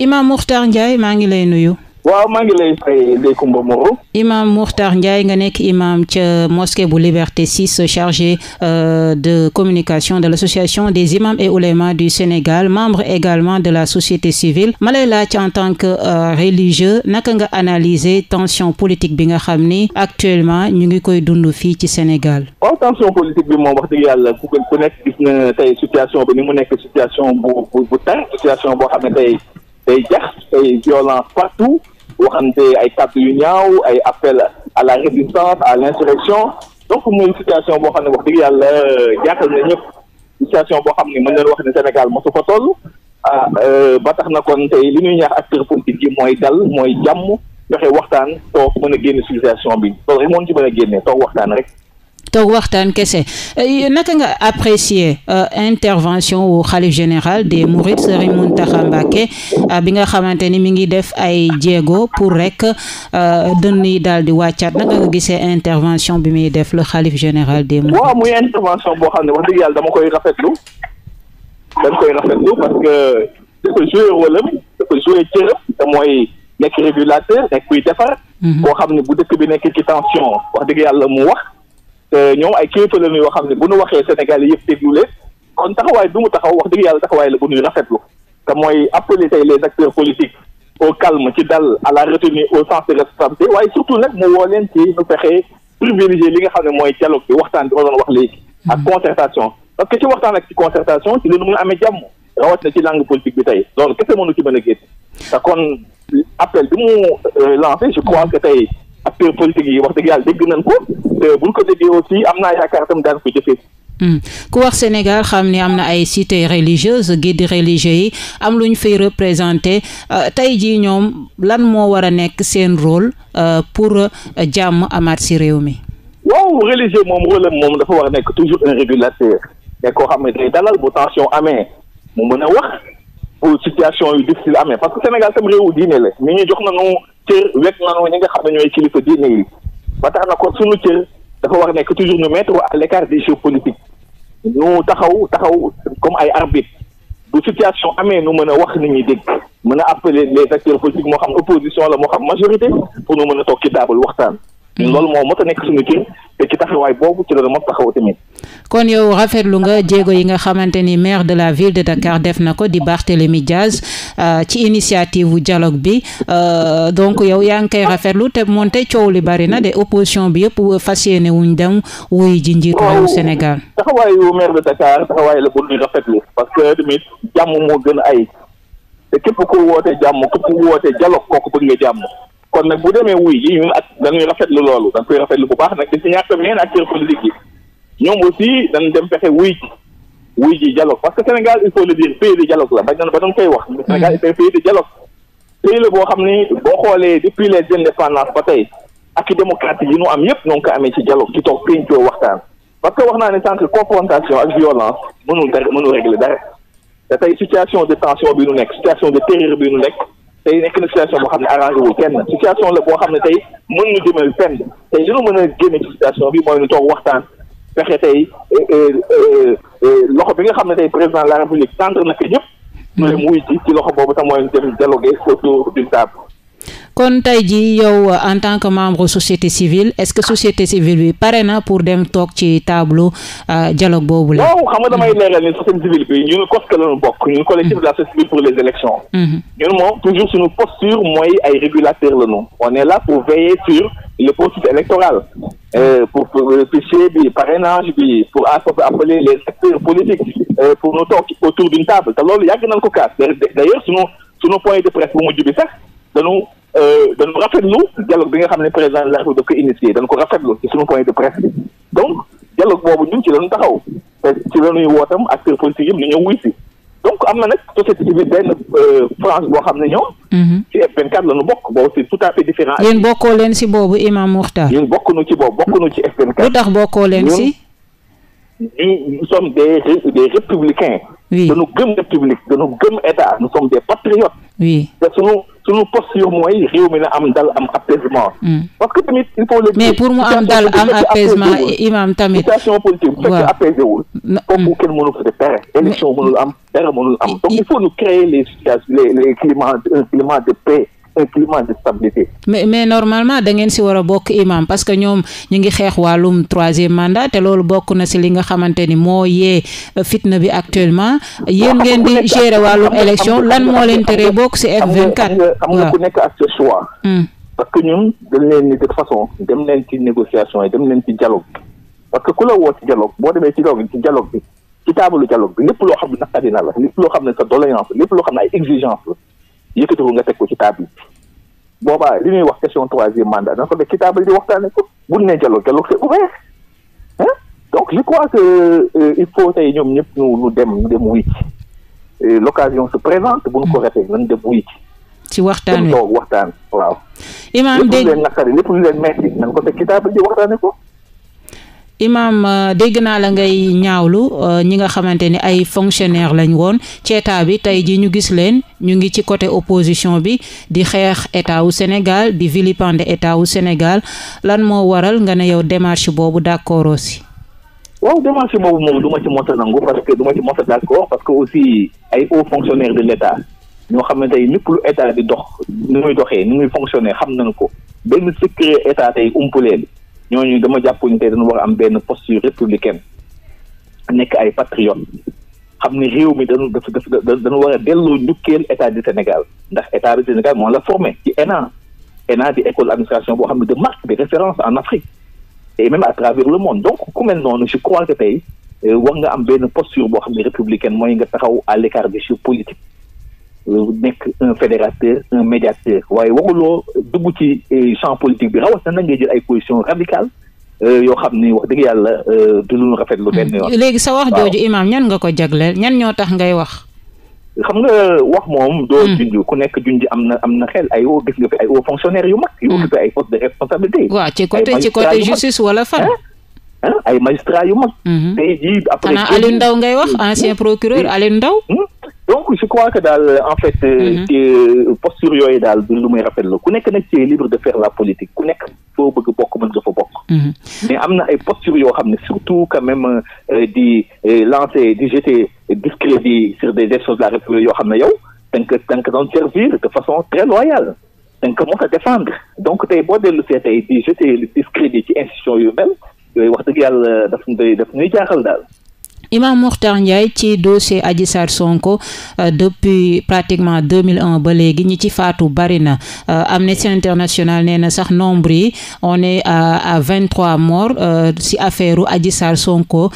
Imam Makhtar Ndiaye maa ngi lay nuyu. maa ngi lay fay Ndeye Comba Moreau. Imam Makhtar Ndiaye nga nekk imam ca mosquée bu Liberté 6 chargé euh, de communication de l'association des imams et oulémas du Sénégal membre également de la société civile ma lay laaj en tant que euh, religieux naka nga analyser tension politique bi nga xam ni actuellement ñu ngi koy dund fii ci Sénégal. waaw tension politique bi moom wax dëgg yàlla ku ku nekk ni mu nekk situation bu bu bu day jax day violence partout waxante ay kàddu yu ñaaw ay appel à la résistance à l'insurrection donc muy situation boo xam ne wax dëgg yàlla jaaxal na ñëpp situation boo xam ne mën nañu wax ne Sénégal mosu fa toll ah euh, ba tax na kon tey li ñuy ñaax acteur politique yi mooy dal mooy jàmm fexe waxtaan toog mën a génne situation bi loolu rek moo ñu ci mën a génne toog waxtaan rek. toog waxtaan kese euh, naka nga apprécier euh, intervention wu xalif général des mourides Serigne Mountakha Mbacké euh, bi nga xamante ni mi ngi def ay jéego pour rek dënn yi daal di wàccaat naka nga gisee intervention bi muy def la xalif général des mourides. waaw muy intervention boo xam ne wax dëgg yàlla dama koy rafetlu dañ koy rafetlu parce que dafa joué rôle am dafa joué nekk régulateur nekk kuy defar. boo mhm. xam ne bu dëkk bi nekk ci tension dëgg yàlla mu wax. te euh, ñoom ay kilifa la yoo xam ne bu ñu waxee Sénégal yëpp déglu leen kon taxawaay bi mu taxaw wax dëgg yàlla taxawaay la w ñuy rafetlu te mooy appeler tey les acteurs politiques au calme ci dal à la retenue au sens de responsabilité waaye surtout nag mu woo leen ci ñu fexe privilégier li nga xam ne mooy dialogue bi waxtaan bi ma doon wax léegi. ak concertation parce que ci waxtaan ak ci concertation ci la ñu mën a amee jàmm rawat na ci langue politique bi tey loolu kese mënu ci mën a génn te kon appel bi mu euh, lancé je crois que tey. acteurs politiques yi wax dëgg yàlla dégg nañ ko te buñ ko déggee aussi am naa yaakaar itam daan ko jëfee. Hmm. ku wax Sénégal xam ni am na ay cités religieuses guide religieux yi am lu ñu fay représenté euh, tey jii ñoom lan moo war nekk seen rôle euh, pour euh, jàmm amaat si réew mi. waaw religieux moom rôle moom dafa war a nekk toujours un régulateur. mais koo xam dalal bu tension amee mu mën a wax. bu situation yu difficile amee parce que Sénégal tam réewu diine la nit ñi jox nañu cër wet nañu ñi nga xam ne ñooy kilifa diine yi ba tax na ko suñu cër dafa war nekk toujours nous mettre à l'écart des jeux politiques ñu taxaw taxaw comme ay arbitre bu situation amee nu mën a wax ni ñi dégg mën a appeler les acteurs politiques moo xam opposition la moo xam majorité pour nu mën a toog ci waxtaan loolu moo mot a nekk suñu cër te ci taxawaay boobu ci la mot taxaw tamit kon yow rafetlu nga jéego yi nga xamante ni maire de la ville de Dakar def na ko di Barthélémy Diaz euh, ci initiative wu dialogue bi euh, donc yow yaa ngi kay rafetlu te moonte coow li bari na de opposition bi yëpp fas yéene wu dem wuy ji njiitu réewu Sénégal. taxawaayu maire de Dakar taxawaay la bu ñu rafetlu parce que jàmm moo gën ay te képp ku woote jàmm képp ku woote dialogue kooku bëgg nga jàmm. kon nag bu demee wuy ji ñun ak dañuy koy rafetlu bu baax ñoom aussi dañ dem fexe wuy ji wuy ji dialogue parce que Sénégal il faut le dire pays de dialogue la ba doon ba doon koy wax. Mm-hmm. Sénégal il fait pays de dialogue. pays la boo xam ni boo xoolee depuis les indépendances ba tey ak i démocratie yi ñu am yépp ñoo ngi ko amee ci dialogue ci toog pencoo waxtaan parce que wax naa ne sànq confrontation ak violence mënul dara mënul régler dara te tey situation de tension bi ñu nekk situation de terreur bi ñu nekk tey nekk na situation boo xam la boo xam ne tey mën ñu jëmale fenn bi mooy ñu toog waxtaan. fexe tey eh, eh, eh, loxo bi nga xam ne tey président de la république centre na ko ñëpp. mu leen wuy ci ci loxo boobu tam mooy dem dialoguer autour d'une table. kon tey jii yow euh, en tant que membre société civile est-ce que société civile bi pare na pour dem toog ci tableau euh, dialogue boobu la. waaw xam nga damay mhm. leeral ni société civile bi ñun COSCE la ñu bokk ñun collectif de la société civile pour les élections. Mhm. ñun moom toujours suñu posture mooy ay régulateur la ñu. on est là pour sur le processus électoral. Euh, pour pour pour appeler les autour d'une table te loolu yàgg nañ ko kaas d'ailleurs sunu sunu point de presse bu mujj bi sax dañu euh, dañu rafetlu dialogue bi nga xam ne président de la République daf ko initié dañu ko rafetlu ci suñu point de presse bi donc dialogue boobu ñun ci lañu taxaw te ci lañuy wootam acteur politique yëpp ñu ñëw wuy si donc am na nag société bi benn euh, France boo xam ne ñoom. Mhm. ci F24 la ñu bokk boobu c'est tout à fait différent. yéen bokkoo leen si boobu Imam Moukhtar. ñun bokkunu ci boobu bokkunu ci F24. lu tax bokkoo leen si. ñun nous sommes des des républicains. oui dañu gëm république dañu gëm état nous sommes des patriotes. oui te sunu sunu posture mooy réew mi na am dal am apaisement. Hmm. parce que tamit il faut le. mais pour mu am dal am apaisement imam tamit. situation politique bu fekkee apaisé wul. foofu hmm. kenn mënu ko def dara. élection mënul am dara mënul am donc il faut nous créer les les les climats un climat de paix. un climat de stabilité. mais mais normalement da ngeen si war a bokk imam parce que ñoom ñu ngi xeex wàllum troisième mandat te loolu bokk na si li nga xamante ni moo yee euh, fitna bi actuellement yéen ngeen di gérer wàllum élection lan moo leen teree bokk si F24. xam nga hmm. parce que ñun dañ leen ni de façon dem leen ci négociation yi dem leen ci dialogue parce que ku la woo ci dialogue boo demee ci dialogue ci dialogue bi ci taabalu dialogue bi lépp loo xam ne naqari na la lépp loo yëkkati ko nga teg ko ci table bi boobaa li ñuy wax question troisième mandat danga ko teg ci table di waxtaane ko buñ ne dialogue dialogue c'est ouvert hein donc je crois que euh, il faut tey ñoom ñëpp ñu ñu dem ñu dem wuy ci l'occasion se présente bu ñu ko refee nañ dem wuy ci ci waxtaan wi waxtaan waaw. imaam dégg lépp lu leen naqari lépp lu leen metti nañ ko teg ci table di waxtaane ko Imaam euh, dégg naa la ngay ñaawlu euh, ñi nga xamante ni ay fonctionnaire lañ woon ci bi tey ji ñu gis leen ñu ngi ci côté opposition bi di xeex état wu Sénégal di vilipender état wu Sénégal lan moo waral nga ne yow démarche boobu d'accord aussi. waaw démarche boobu moom du ma ci mos a nangu parce que du ma ci mos d'accord parce que aussi ay hauts fonctionnaires de l'État ñoo xamante ne tey lu état di dox ni muy doxee ni muy fonctionner xam nañu ko benn secret état ñooñu dama jàpp ne tey dañu war a am benn posture républicaine nekk ay patriote xam ne réew mi dañu dafa dafa danu war a delloo njukkeel état du Sénégal ndax état de Sénégal moo la forme ci ENA ENA di école administration boo xam ne de marque de référence en Afrique et même à travers le monde donc ku mel noonu je crois que tey euh, war nga am benn posture boo xam ne républicaine mooy nga taxaw à l'écart des jeux politiques nekk un fédérateur un médiateur waaye waruloo dugg ci eh, champ politique bi rawatina ngay jël ay position radicale euh, yoo xam ni wax dëgg yàlla euh, du lu rafetlu benn yoon. Hmm. léegi sa wax jooju imaam ñan nga ko jagleel ñan ñoo tax ngay wax. xam nga wax moom. doo hmm. junj ku nekk junj am na am na xel ay woo gis nga fi ay woo fonctionnaires yu mag. yu hmm. occupé ay postes de responsabilité. waaw ci côté ci côté justice wala fan. ay magistrats yu mag. tey xanaa Aliou Ndao ngay wax ancien procureur Aliou ndaw donc je crois que daal en fait. Euh, mhm. ci euh, posture yooyu daal du lu may rafet la ku nekk nag c'est libre de faire la politique ku nekk foo bëgg bokk mën nga fa bokk. Mhm. mais am na ay postures yoo xam ne surtout quand même euh, di lancer di jeter discrédit sur des gestions de la République yoo xam ne yow da nga ko da doon servir de façon très loyale. da nga ko mën a défendre donc tey boo dellu see tey di jeter discrédit ci institution yu mel yooyu wax dëgg yàlla daf ñuy daf ñuy jaaxal daal. Imam Makhtar Ndiaye ci dossier Adji Sarr Sonko euh, depuis pratiquement 2001 ba léegi ñi ci faatu bari na euh, Amnesty International nee na sax nombre yi on est à vingt trois morts si euh, affaire aji Adji Sarr Sonko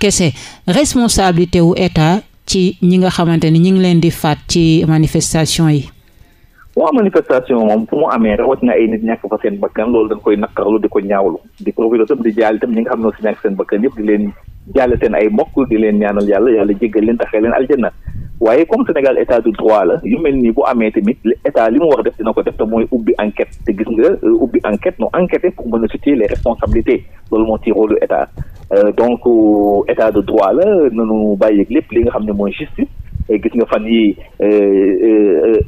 kese responsabilité wu état ci ñi nga xamante ni ñi ngi leen di faat ci manifestation yi. waaw manifestation moom fu mu amee rawatina ay nit ñàkk fa seen bakkan loolu dañ koy naqarlu di ko ñaawlu di profité tam ñi nga xam ne si ñàkk seen bakkan jàll seen ay mbokk di leen ñaanal yàlla yàlla jéggal leen taxee leen aljanna waaye comme Sénégal état de droit la yu mel nii bu amee tamit état li mu war def dina ko def te mooy ubbi enquête te gis nga euh, ubbi enquête nu enquêté pour mën a situer les responsabilités loolu moo ci rôle état euh, donc euh, état de droit la nanu bàyyi lépp li nga xam ne mooy justice gis nga fan yi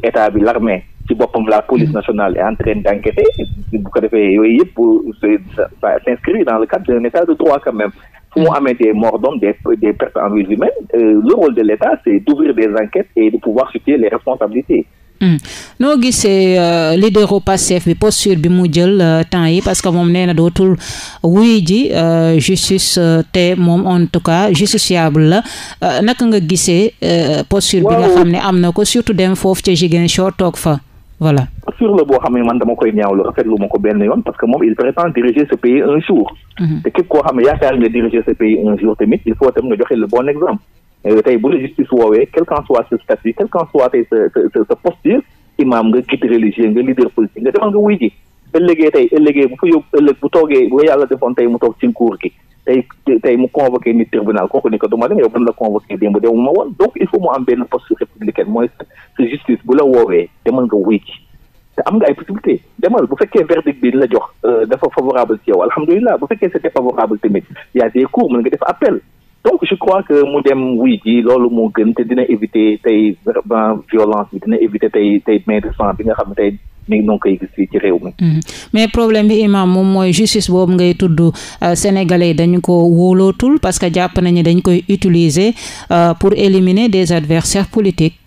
état bi l'armée ci boppam la police nationale est en train d'enquêter bu ko defee yooyu yëpp ça s'inscrit dans le cadre d'un état de droit fu mu amee des morts d'hommes des pertes en vies humaines euh, le rôle de l'État c'est d'ouvrir des enquêtes et de pouvoir situer les responsabilités hmm. noo gisee euh, leaderu Pastef bi posture bi mu jël euh, temps yi parce que moom nee na dootul wuy ji justice te moom en tout cas justiciable la naka nga gisee posture bi nga xam ne am na ko surtout dem foofu ca Ziguinchor toog fa voilà. sur la boo xam ne man dama koy ñaawlu rafetlu ma ko benn yoon parce que moom il prétend diriger ce pays un jour. Mhm. te képp koo xam ne yaakaar nga diriger ce pays un jour tamit il faut tam nga joxe le bon exemple. Euh, tey bu la justice woowee quel qu'en soit ce statut quel qu'en soit tey sa sa sa posture imam nga guide religieux nga leader politique nga demal nga wuy ji ëllëgee tey ëllëgee bu fa yóbbu ëllëg bu toogee bu yàlla defoon tey mu toog ci nguur gi tey tey mu convoqué nit tribunal kooku ni ko du ma dem yow ban la convoqué démb dem ma woon donc il faut mu am benn poste républicaine mooy sa justice bu la woowee demal nga wuy ci te am nga ay possibilité demal bu fekkee verdict bi la jox euh, dafa favorable ci yow alhamdulilah bu fekkee c'était favorable tamit y a des cours mën nga def appel donc je crois que mu dem wuy ji loolu moo gën te dina éviter tey vraiment violence bi dina éviter tey tey main de sang bi nga xam n tey mi ngi koy gis fii ci réew mi. mais problème bi imam moom mooy justice boobu ngay tudd euh, sénégalais yi dañu ko wóolootul parce que jàpp nañu dañ koy utiliser euh, pour éliminer des adversaires politiques.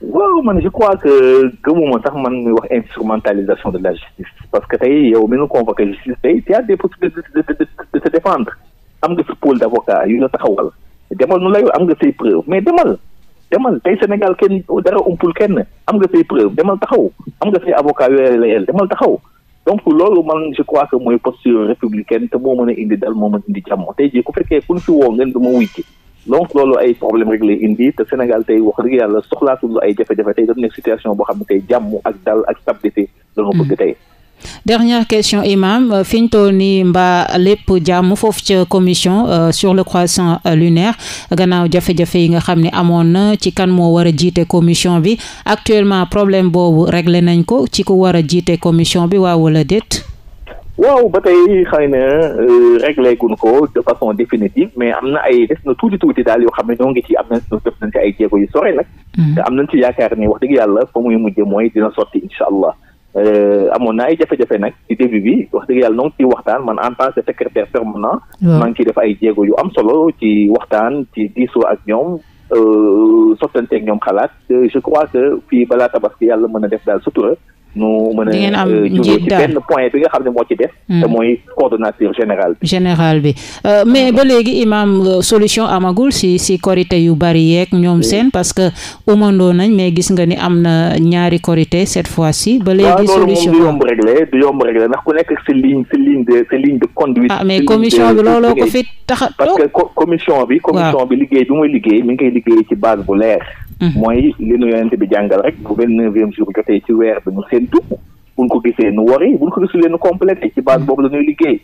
waaw man je crois que gëmuma sax man muy wax instrumentalisation de la justice parce que tey yow mi nga convoqué justice tey y a des de de de de se défendre am nga sa pôle d'avocat yu la taxawal demal nu la yow am nga say preuve mais demal. demal tey Sénégal ken dara umpul kenn am nga say preuve demal taxaw am nga say avocat yooyu la yel demal taxaw donc loolu man je crois que mooy posture républicaine te moo mën a indi dal moo mën a indi jàmm tey jii ku fekkee ku ñu fi woo ngeen duma wuy donc loolu ay problème rek lay indi te Sénégal tey wax dëgg yàlla soxlaatul ay jafe-jafe tey dafa nekk situation boo xam ne tey jàmm ak dal ak stabilité la ñu bëgg tey dernière question Imam euh, fiñ ñu toll nii mbaa lépp jàmm foofu ca commission euh, sur le croissant euh, lunaire gannaaw jafe-jafe yi nga xam ni amoon na ci kan moo war a jiite commission bi actuellement problème boobu réglé nañ ko ci ku war a jiite commission bi waaw wala déet. waaw ba tey xëy na réglé guñ ko de façon définitive mais am na ay des na tuuti tuuti daal yoo xam ne ñoo ngi ci am nañ def nañ ci ay jéego yu sore nag. Hmm. te am nañ ci yaakaar ni wax dëgg yàlla fa muy mujj mooy dina sotti incha allah. Euh, amoon na ay jafe-jafe nag ci début bi wax dëgg yàlla noo ngi ciy waxtaan man en tant que secrétaire permanent maa ngi ciy def ay jéego yu am solo ci waxtaan ci diisoo ak ñoom euh, sottanteeg ñoom xalaat euh, je crois que fii balaa ki yàlla mën a def daal sutura nu mën a euh, jógee ci benn point bi nga xam ne moo ci def hmm. te mooy coordonnateur général bi général bi euh, mais ba léegi imam euh, solution amagul si si korité yu bari yeeg ñoom seen parce que umandoo nañ mais gis nga ni am na ñaari korité cette fois si ba léegi solution du yomb réglé du yomb réglé ndax ku nekk si ligne si ligne de si ligne conduite ah mais commission bi looloo ko fi taxa parce commission bi commission bi liggéey bi muy liggéey mi ngi koy liggéey ci base bu leer Mm-hmm. mooy li nu yonent bi jàngal rek bu vingt neuvième jour jotee ci weer bi nu séentu buñ ko gisee nu wari buñ ko gisulee nu complété ci base mm-hmm. boobu la ñuy liggéey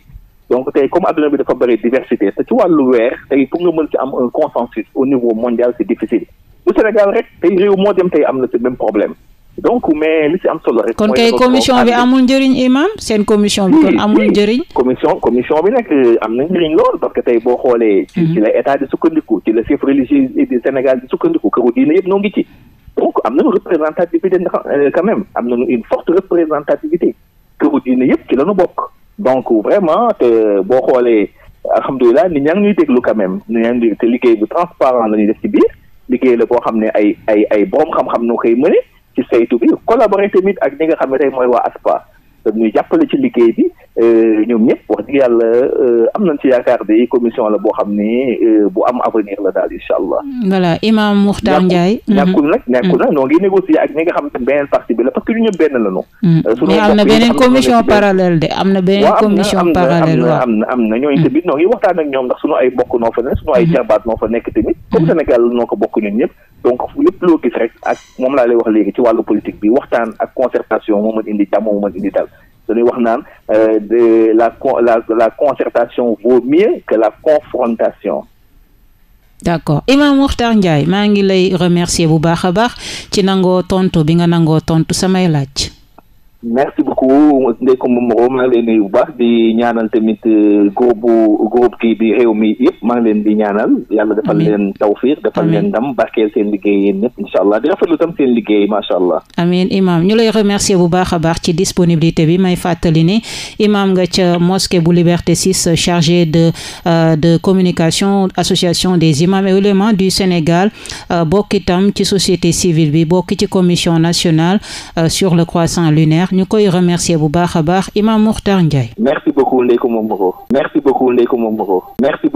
donc tey comme adduna bi dafa bëri diversité te ci wàllu weer tey pour nga mën ci am un consensus au niveau mondial c'est difficile bu Sénégal rek tey réew moo dem tey am na ce même problème donc mais li ci am solo rek. kon kay commission bi amul njëriñ imam seen commission bi kon amul njëriñ. commission commission bi nag euh, am na njëriñ lool parce que tey boo xoolee. ci mhm. la état di sukkandiku ci la chef religieux du Sénégal di sukkandiku këru diine yëpp noo ngi ci. donc am nañu représentativité euh, am nañu une forte représentativité këru diine yëpp ci la ñu bokk. donc vraiment te boo xoolee alhamdulilah nit ñaa ngi ñuy déglu quand même nit te liggéey bu transparent la ñuy def ci biir liggéey la boo xam ne ay ay ay borom xam-xam noo koy mëne ci saytu bi collaborer tamit ak ñi nga xam ne tey mooy waa ASPA ñu jàppale ci liggéey bi euh, ñoom ñëpp wax dëgg yàlla euh, am nañ ci yaakaar de commission la boo xam ni euh, bu am avenir la daal incha allah. voilà Imam Makhtar Ndiaye. nekkul mhm. nag nekkul nag noo mhm. ngi négocier ak ñi nga xam ne beneen parti bi la parce que ñu ñëpp benn la ñu. Mhm. mais am na beneen commission parallèle de am na beneen commission parallèle waaw am na am na ñooñu tamit noo ngi waxtaan ak ñoom ndax suñu ay bokk noo fa ne suñu noo fa nekk noo bi waxtaan ak concertation moo dañuy wax naan euh, de la la la concertation vaut mieux que la confrontation. d'accord Imam Makhtar maa ngi lay remercier bu baax a baax ci nangoo tontu bi nga nangoo tontu samay laaj. beaucoup Ndeye Comba Moreau maa ngi leen nuyu bu baax di ñaanal tamit groupe euh, groupe kii bi réew mi yëpp maa leen di ñaanal yàlla defal leen tawfiir defal leen ndam barkeel seen liggéey yéen ñëpp allah di rafetlu tam seen liggéey macha allah. amiin imam ñu lay remercier bu baax a baax ci disponibilité bi may fàttali ne imam nga ca mosquée bu Liberté 6 chargé de euh, de communication association des imams et oulémas du Sénégal euh, bokk ci société civile bi bokk ci commission nationale remercier bu baax a baax Imam Makhtar Ndiaye. merci beaucoup Ndeye Comba Moreau. merci beaucoup Ndeye Comba Moreau. merci beaucoup.